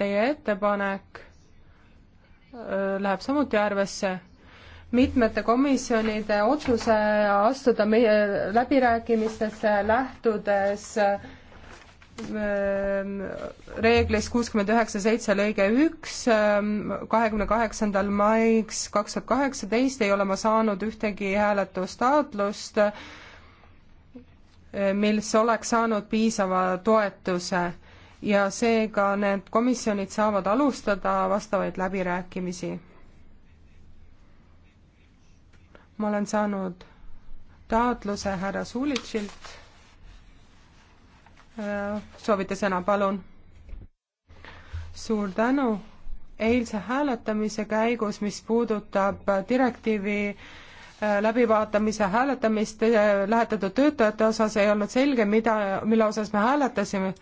teie ettepanek läheb samuti arvesse mitmete komisjonide otsuse astuda meie läbirääkimistesse, lähtudes reeglist kuuskümmend üheksa seitse lõige üks, kahekümne kaheksandal maiks kaks tuhat kaheksateist ei ole ma saanud ühtegi hääletustaotlust, mis oleks saanud piisava toetuse ja seega need komisjonid saavad alustada vastavaid läbirääkimisi. ma olen saanud taotluse härra Sulitšilt. Äh, soovite sõna, palun? suur tänu. eilse hääletamise käigus, mis puudutab direktiivi äh, läbivaatamise hääletamist äh, lähetatud töötajate osas, ei olnud selge, mida, mille osas me hääletasime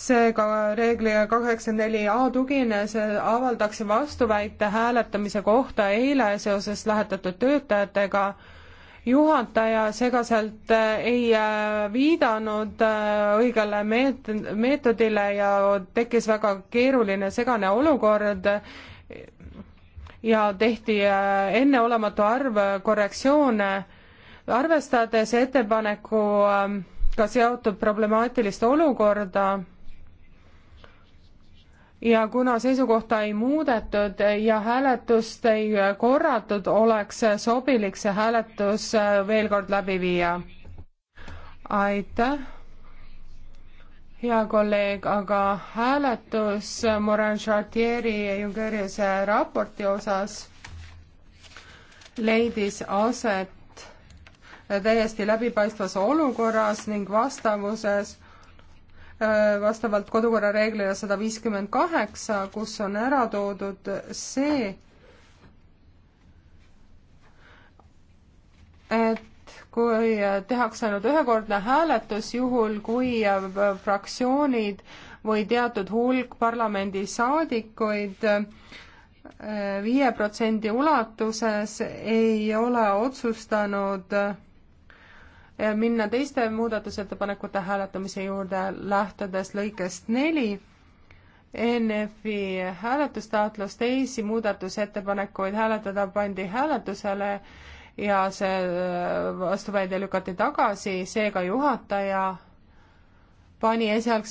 seega reeglile kaheksakümmend neli A tugines avaldaksin vastuväite hääletamise kohta eile seoses lähetatud töötajatega. juhataja segaselt ei äh, viidanud äh, õigele meet-, meetodile ja tekkis väga keeruline segane olukord ja tehti äh, enneolematu arv korrektsioone, arvestades ettepaneku ka seotud problemaatilist olukorda ja kuna seisukohta ei muudetud ja hääletust ei korratud, oleks sobilik see hääletus veel kord läbi viia. aitäh, hea kolleeg, aga hääletus Morin Chartieri ja Jungeriuse raporti osas leidis aset täiesti läbipaistvas olukorras ning vastavuses Äh, vastavalt kodukorra reeglile sada viiskümmend kaheksa, kus on ära toodud see, et kui tehakse ainult ühekordne hääletus, juhul kui fraktsioonid või teatud hulk parlamendisaadikuid äh, viie protsendi ulatuses ei ole otsustanud äh, Äh, minna teiste muudatusettepanekute hääletamise juurde, lähtudes lõikest neli. ENF-i hääletustaotlus teisi muudatusettepanekuid hääletada pandi hääletusele ja see äh, vastuväide lükati tagasi, seega juhataja pani esialgse